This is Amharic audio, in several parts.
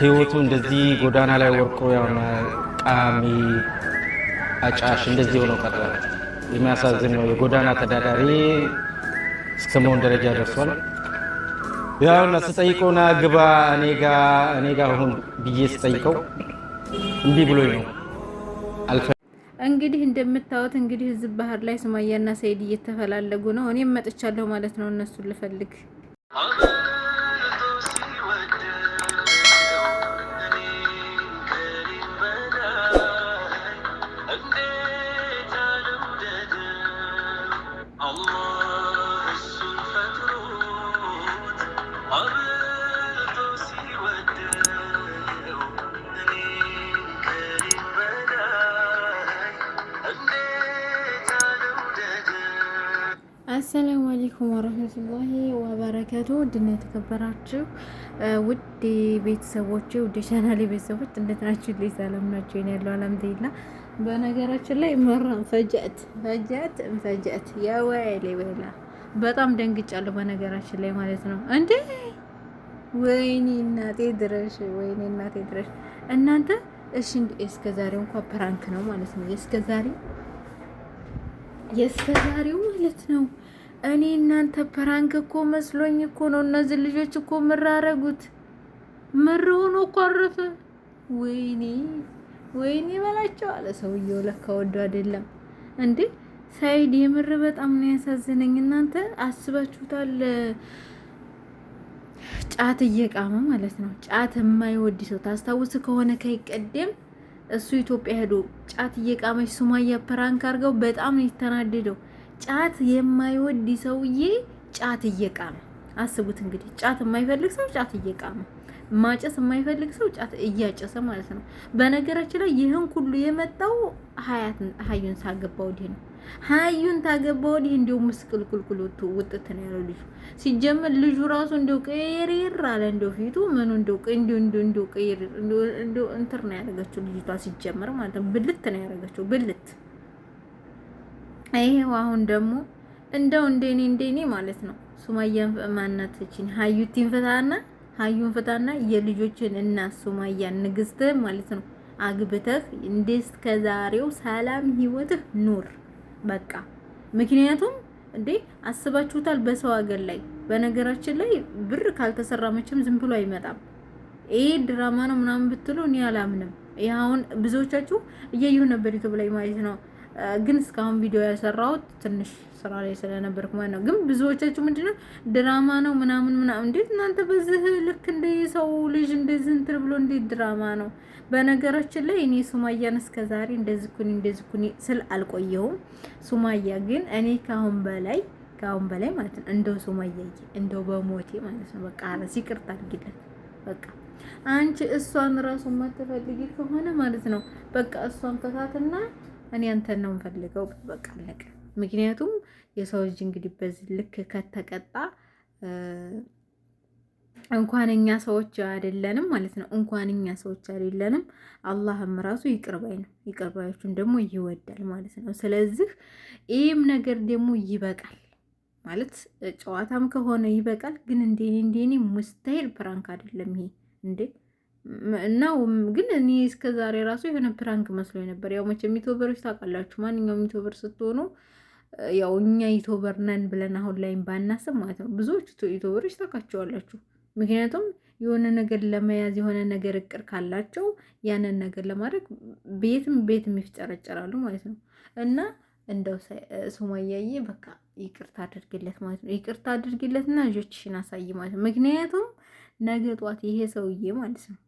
ህይወቱ እንደዚህ ጎዳና ላይ ወርቆ የሆነ ቃሚ አጫሽ እንደዚህ ሆነው ቀረ። የሚያሳዝን ነው። የጎዳና ተዳዳሪ እስከ መሆን ደረጃ ደርሷል። ያውና ስጠይቀው ና ግባ እኔ ጋ ሁን ብዬ ስጠይቀው እምቢ ብሎኝ ነው። እንግዲህ እንደምታዩት እንግዲህ እዚህ ባህር ላይ ሱማያና ሰይድ እየተፈላለጉ ነው። እኔም መጥቻለሁ ማለት ነው እነሱን ልፈልግ አሰላሙ አለይኩም ወረህመቱላሂ ወበረከቱ። ድና የተከበራችሁ ውድ ቤተሰቦች ውድ ቻናሌ ቤተሰቦች እንዴት ናችሁ? ሰላም ናችሁ? ያለው አልሐምዱሊላህ በነገራችን ላይ መራ ፈጀት ፈጀት እንፈጀት የወይሌ ወይላ በጣም ደንግጫለሁ። በነገራችን ላይ ማለት ነው እንዴ ወይኔ እናቴ ድረሽ ወይኔ እናቴ ድረሽ እናንተ እሺ እስከ ዛሬው እንኳን ፕራንክ ነው ማለት ነው። እስከ ዛሬው እስከ ዛሬው ማለት ነው። እኔ እናንተ ፕራንክ እኮ መስሎኝ እኮ ነው። እነዚህ ልጆች እኮ ምራረጉት ምር ሆኖ እኮ አረፈ። ወይኔ ወይኔ በላቸው አለ ሰውየው። ለካ ወዶ አይደለም እንዴ ሳይድ። የምር በጣም ነው ያሳዝነኝ። እናንተ አስባችሁታል? ጫት እየቃመ ማለት ነው። ጫት የማይወድ ሰው ታስታውስ ከሆነ ከይቀደም እሱ ኢትዮጵያ ሄዶ ጫት እየቃመች ሱማያ ፕራንክ አድርገው በጣም ነው የተናደደው። ጫት የማይወድ ሰውዬ ጫት እየቃመ አስቡት እንግዲህ ጫት የማይፈልግ ሰው ጫት እየቃመ ማጨስ የማይፈልግ ሰው ጫት እያጨሰ ማለት ነው። በነገራችን ላይ ይህን ሁሉ የመጣው ሀያት ሀዩን ሳገባ ወዲህ ነው። ሀዩን ታገባ ወዲህ እንዲሁ ምስቅልቅልቅል ውጥት ነው ያለው ልጁ። ሲጀመር ልጁ ራሱ እንደው ቀይሪር አለ እንደው ፊቱ ምኑ እንደው እንዲሁ እንዲሁ እንዲሁ ቀይሪር እንደው እንትር ነው ያደረገችው ልጅቷ ሲጀመር ማለት ነው። ብልት ነው ያደረገችው ብልት። ይሄው አሁን ደግሞ እንደው እንደኔ እንደኔ ማለት ነው ሱማያን ማናትችን ሀዩቲን ፍታና ሀዩን ፍታና የልጆችን እናት ሱማያን ንግስት ማለት ነው አግብተህ እንዴስ ከዛሬው ሰላም ህይወትህ ኑር በቃ። ምክንያቱም እንዴ አስባችሁታል? በሰው ሀገር ላይ በነገራችን ላይ ብር ካልተሰራ መቼም ዝም ብሎ አይመጣም። ይሄ ድራማ ነው ምናምን ብትሉ እኔ አላምንም። ይሄ አሁን ብዙዎቻችሁ እያየሁ ነበር ዩቲዩብ ላይ ማለት ነው ግን እስካሁን ቪዲዮ ያልሰራሁት ትንሽ ስራ ላይ ስለነበርኩ ማለት ነው። ግን ብዙዎቻችሁ ምንድነው ድራማ ነው ምናምን ምናምን፣ እንዴት እናንተ በዚህ ልክ እንደ ሰው ልጅ እንደዚህ እንትን ብሎ እንዴት ድራማ ነው? በነገራችን ላይ እኔ ሱማያን ዛሬ እንደዚህ ኩኒ እንደዚህ ኩኒ ስል አልቆየሁም። ሱማያ ግን እኔ ካሁን በላይ ካሁን በላይ ማለት ነው እንደው ሱማያ እንደው በሞቴ ማለት ነው በቃ አረስ ይቅርታ አድርጊለት በቃ አንቺ እሷን ራሱ ማትፈልጊ ከሆነ ማለት ነው በቃ እሷን ከታትና እኔ አንተን ነው የምፈልገው። በቃ አለቀ። ምክንያቱም የሰው ልጅ እንግዲህ በዚህ ልክ ከተቀጣ እንኳን እኛ ሰዎች አይደለንም ማለት ነው። እንኳን እኛ ሰዎች አይደለንም፣ አላህም ራሱ ይቅርባይ ነው። ይቅርባዮቹን ደግሞ ይወዳል ማለት ነው። ስለዚህ ይህም ነገር ደግሞ ይበቃል ማለት ጨዋታም ከሆነ ይበቃል። ግን እንደኔ እንዴኔ ሙስተሂል ፕራንክ አይደለም ይሄ እንዴ እናው ግን እኔ እስከ ዛሬ ራሱ የሆነ ፕራንክ መስሎ ነበር። ያው መቼም ዩቲዩበሮች ታውቃላችሁ፣ ማንኛውም ዩቲዩበር ስትሆኑ ያው እኛ ዩቲዩበር ነን ብለን አሁን ላይም ባናስብ ማለት ነው ብዙዎች ዩቲዩበሮች ታውቃቸዋላችሁ። ምክንያቱም የሆነ ነገር ለመያዝ የሆነ ነገር እቅር ካላቸው ያንን ነገር ለማድረግ ቤትም ቤትም ይፍጨረጨራሉ ማለት ነው እና እንደው ሱመያዬ በቃ ይቅርታ አድርግለት ማለት ነው። ይቅርታ አድርግለትና ልጆችሽን አሳይ ማለት ነው። ምክንያቱም ነገ ጧት ይሄ ሰውዬ ማለት ነው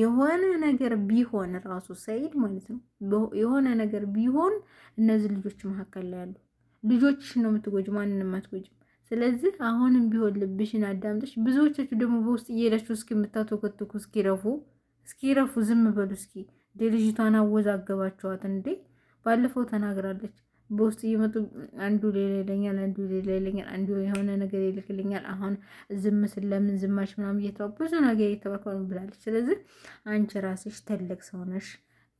የሆነ ነገር ቢሆን ራሱ ሰይድ ማለት ነው የሆነ ነገር ቢሆን እነዚህ ልጆች መካከል ላይ ያሉ ልጆችሽ ነው የምትጎጅ፣ ማንንም አትጎጅም። ስለዚህ አሁንም ቢሆን ልብሽን አዳምጠሽ፣ ብዙዎቻችሁ ደግሞ በውስጥ እየሄዳችሁ እስኪ ረፉ እስኪረፉ እስኪረፉ ዝም በሉ እስኪ። ልጅቷን አወዛገባችኋት እንዴ? ባለፈው ተናግራለች። በውስጥ እየመጡ አንዱ ሌላ ይለኛል፣ አንዱ ሌላ ይለኛል፣ አንዱ የሆነ ነገር ይልክልኛል። አሁን ዝም ስል ለምን ዝማሽ ምናምን እየተባ ብዙ ነገር እየተባከሉ ብላለች። ስለዚህ አንቺ ራስሽ ትልቅ ሰው ነሽ።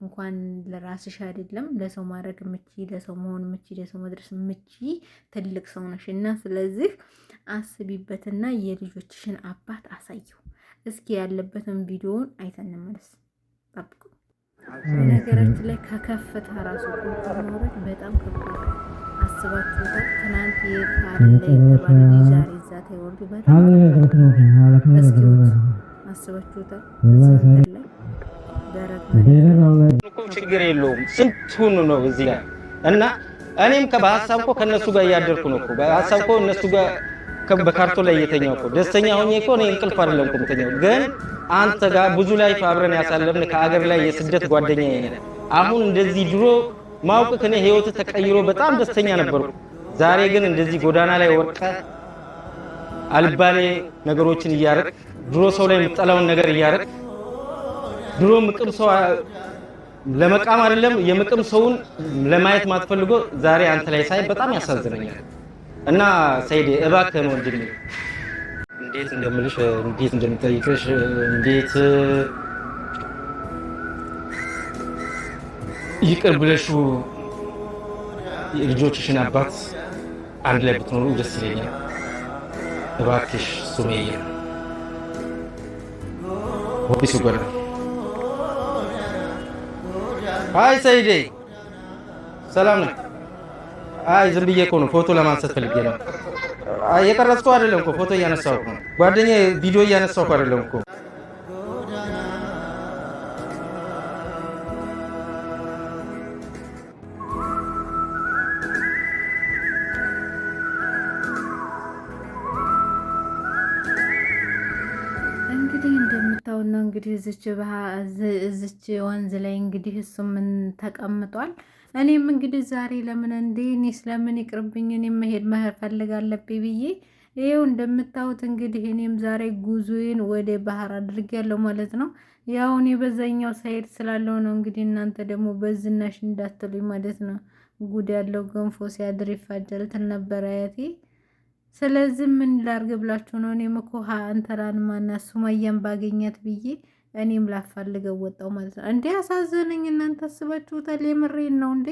እንኳን ለራስሽ አይደለም ለሰው ማድረግ ምቺ፣ ለሰው መሆን ምቺ፣ ለሰው መድረስ ምቺ ትልቅ ሰው ነሽ እና ስለዚህ አስቢበትና የልጆችሽን አባት አሳየው። እስኪ ያለበትን ቪዲዮውን አይተን እንመለስ። ጠብቁ። በነገራችን ላይ ከከፍታ ራሱ ማውረድ በጣም ከባድ አስባችሁታል። ትናንት የካለ በጣም አስባችሁታል። ችግር የለውም ስንቱን ነው እዚህ ላይ እና እኔም በሀሳብ እኮ ከእነሱ ጋር እያደርኩ ነው በሀሳብ እኮ እነሱ ጋር በካርቶን ላይ እየተኛው እኮ ደስተኛ ሆኜ እኮ እኔ እንቅልፍ አይደለም እኮ የምተኛው። ግን አንተ ጋር ብዙ ላይ አብረን ያሳለፍን ከአገር ላይ የስደት ጓደኛ ነህ። አሁን እንደዚህ ድሮ ማውቅ ከኔ ህይወት ተቀይሮ በጣም ደስተኛ ነበርኩ። ዛሬ ግን እንደዚህ ጎዳና ላይ ወርቀ አልባሌ ነገሮችን እያረግ ድሮ ሰው ላይ የምጠላውን ነገር እያረግ ድሮ ምቅም ሰው ለመቃም አይደለም የምቅም ሰውን ለማየት ማትፈልጎ ዛሬ አንተ ላይ ሳይ በጣም ያሳዝነኛል። እና ሰይድ እባክህን ወንድሜ እንዴት እንደምልሽ እንዴት እንደምጠይቅሽ እንዴት ይቅር ብለሹ የልጆችሽን አባት አንድ ላይ ብትኖሩ ደስ ይለኛል። እባክሽ ሱሜየ ሆቢስ ይጎዳል። አይ ሰይዴ ሰላም ነው። አይ ዝም ብዬ እኮ ነው ፎቶ ለማንሳት ፈልጌ ነው። የቀረጽኩ አይደለም እኮ ፎቶ እያነሳሁ እኮ ጓደኛ ቪዲዮ እያነሳሁ አይደለም እኮ። እንግዲህ እንግዲህ እዚች ወንዝ ላይ እንግዲህ እሱ ምን ተቀምጧል እኔም እንግዲህ ዛሬ ለምን እንዴ እኔስ ለምን ይቅርብኝ እኔም መሄድ መፈለግ አለብኝ ብዬ ይኸው እንደምታዩት እንግዲህ እኔም ዛሬ ጉዞዬን ወደ ባህር አድርጌያለሁ ማለት ነው። ያው እኔ በዛኛው ሳይድ ስላለው ነው እንግዲህ እናንተ ደግሞ በዝናሽ እንዳትሉኝ ማለት ነው። ጉድ ያለው ገንፎ ሲያድር ይፋጀል ትል ነበር አያቴ። ስለዚህ ምን ላርግ ብላችሁ ነው እኔም እኮ እንተራን ማና ሱማያን ባገኛት ብዬ እኔም ላፋልገው ወጣው ማለት ነው። እንዴ አሳዘነኝ። እናንተ አስባችሁታል? የምሬን ነው እንዴ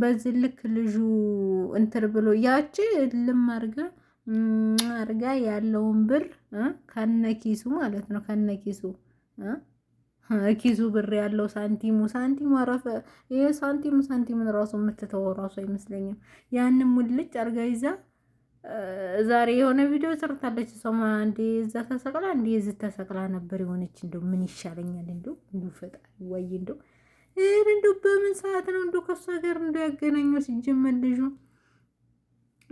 በዚህ ልክ ልጁ እንትር ብሎ ያቺ ልም አርጋ አርጋ ያለውን ብር ከነኪሱ ማለት ነው ከነኪሱ ኪሱ ብር ያለው ሳንቲሙ ሳንቲሙ አረፈ። ይሄ ሳንቲሙ ሳንቲሙን ራሱ የምትተወው ራሱ አይመስለኝም። ያንም ሙልጭ አርጋ ይዛ ዛሬ የሆነ ቪዲዮ ሰርታለች። ሰማ እንዴ እዛ ተሰቅላ እንዴ እዚህ ተሰቅላ ነበር የሆነች። እንደው ምን ይሻለኛል እንደው እንዱ ፈጣሪ ወይ እንደው እህ እንደው በምን ሰዓት ነው እንደው ከሷ ጋር እንደው ያገናኘው ሲጀመር ልጁ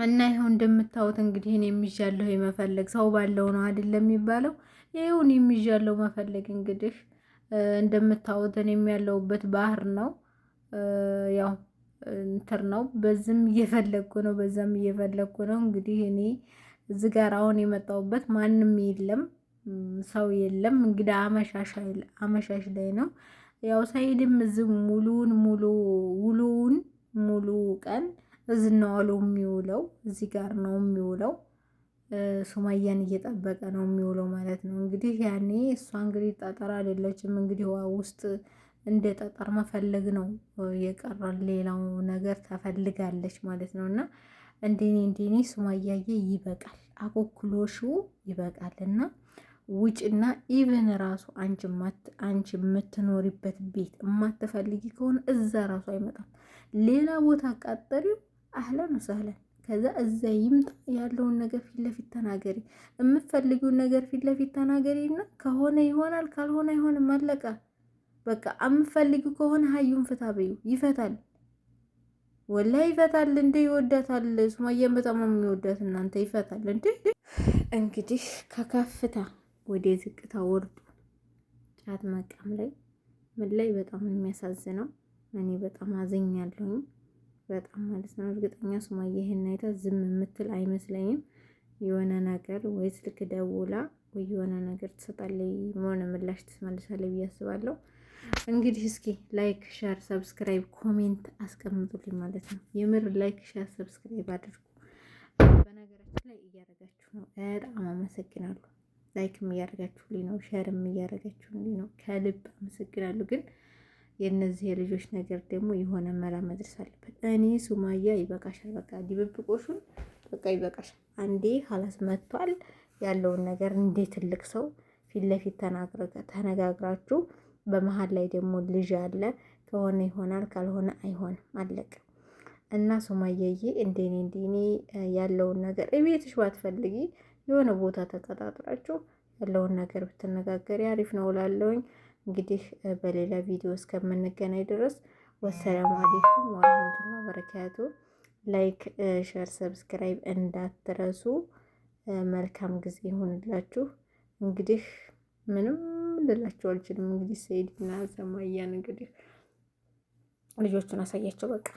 እና ይኸው እንደምታዩት እንግዲህ እኔ የሚዣለሁ የመፈለግ ሰው ባለው ነው አይደለም የሚባለው። ይኸው እኔ የሚዣለሁ መፈለግ እንግዲህ እንደምታዩት እኔ የሚያለሁበት ባህር ነው ያው እንትር ነው። በዝም እየፈለግኩ ነው፣ በዛም እየፈለግኩ ነው። እንግዲህ እኔ እዚህ ጋር አሁን የመጣሁበት ማንም የለም፣ ሰው የለም። እንግዲህ አመሻሽ ላይ ነው ያው ሳይድም እዚህ ሙሉውን ሙሉ ውሉውን ሙሉ ቀን እዚህ ነው አሉ የሚውለው፣ እዚህ ጋር ነው የሚውለው። ሱማያን እየጠበቀ ነው የሚውለው ማለት ነው። እንግዲህ ያኔ እሷ እንግዲህ ጠጠር አይደለችም እንግዲህ ውስጥ እንደ ጠጠር መፈለግ ነው የቀረን። ሌላው ነገር ተፈልጋለች ማለት ነው። እና እንዴኔ እንዴኔ ሱማያየ ይበቃል፣ አኮክሎሹ ይበቃል። እና ውጭና ኢቨን ራሱ አንቺ የምትኖሪበት ቤት የማትፈልጊ ከሆነ እዛ ራሱ አይመጣም። ሌላ ቦታ አቃጠሪው አህለን ወሰህለን ከዛ እዛ ይምጣ። ያለውን ነገር ፊት ለፊት ተናገሪ፣ የምትፈልጊውን ነገር ፊት ለፊት ተናገሪ እና ከሆነ ይሆናል፣ ካልሆነ አይሆንም፣ አለቀ። በቃ አምፈልግ ከሆነ ሀዩን ፍታ በዩ ይፈታል። ወላ ይፈታል እንዴ ይወዳታል። ሱማያን በጣም የሚወዳት እናንተ ይፈታል እንዴ። እንግዲህ ከከፍታ ወደ ዝቅታ ወርዱ ጫት መቃም ላይ ምን ላይ በጣም የሚያሳዝነው እኔ በጣም አዝኛለሁ። በጣም ማለት ነው። እርግጠኛ ሱማያ ይሄን አይታ ዝም የምትል አይመስለኝም። የሆነ ነገር ወይ ስልክ ደውላ ወይ የሆነ ነገር ትሰጣለች፣ የሆነ ምላሽ ትመልሳለች ብዬ አስባለሁ። እንግዲህ እስኪ ላይክ፣ ሸር ሰብስክራይብ፣ ኮሜንት አስቀምጡልኝ ማለት ነው። የምር ላይክ፣ ሸር ሰብስክራይብ አድርጉ። በነገራችን ላይ እያደረጋችሁ ነው፣ በጣም አመሰግናለሁ። ላይክም እያደረጋችሁልኝ ነው፣ ሸርም እያደረጋችሁልኝ ነው። ከልብ አመሰግናለሁ። ግን የእነዚህ ልጆች ነገር ደግሞ የሆነ መላ መድረስ አለበት። እኔ ሱማያ ይበቃሻል፣ በቃ ድብብቆሹን በቃ ይበቃሻል። አንዴ ሀላስ መጥቷል ያለውን ነገር እንዴ ትልቅ ሰው ፊት ለፊት ተነጋግራችሁ በመሀል ላይ ደግሞ ልጅ አለ። ከሆነ ይሆናል፣ ካልሆነ አይሆንም። አለቅ እና ሱመያዬ እንደኔ እንደኔ ያለውን ነገር እቤትሽ ባትፈልጊ የሆነ ቦታ ተቀጣጥራችሁ ያለውን ነገር ብትነጋገሪ አሪፍ ነው እላለሁኝ። እንግዲህ በሌላ ቪዲዮ እስከምንገናኝ ድረስ ወሰላሙ አሌይኩም ወረህመቱላ በረካቱ። ላይክ፣ ሸር፣ ሰብስክራይብ እንዳትረሱ። መልካም ጊዜ ይሁንላችሁ እንግዲህ ምንም ልላቸው አልችልም። እንግዲህ ሰኢድና ሰማያን እንግዲህ ልጆቹን አሳያቸው በቃ።